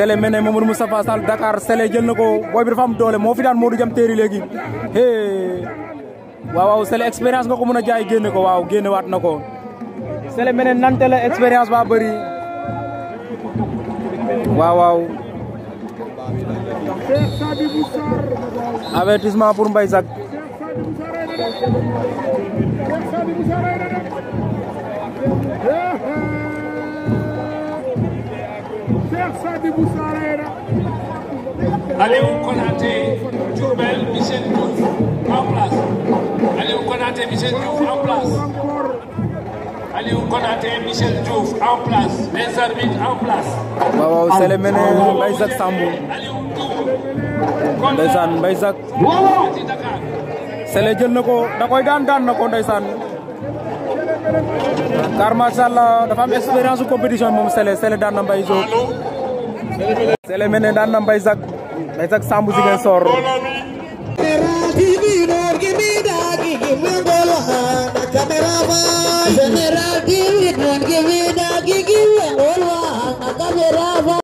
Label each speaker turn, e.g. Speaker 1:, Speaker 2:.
Speaker 1: Sélé mel ne Mamadou Moustapha Sall Dakar Sélé jël na ko booy bi am doole moo fi daan Modou Jam Téeri léegi hee waaw waaw Sélé expérience nga ko mën a jaay génne ko waaw génne waat na ko Sélé mel ne nante expérience baa bëri waaw waaw avertissement pour Mbaye Sakk
Speaker 2: Cheikh Sadibou
Speaker 1: Sele Mene Mbaye Jacques Sambou Sele jël na ko da daan daan na ko ndeysaan car macha allah euh, dafa am expérience compétition moom Sélé Sélé daan na Mbaye
Speaker 3: Diop
Speaker 1: Sélé mel ne daan na Mbaye Zak Mbaye Zak Samb
Speaker 3: Ziguinchor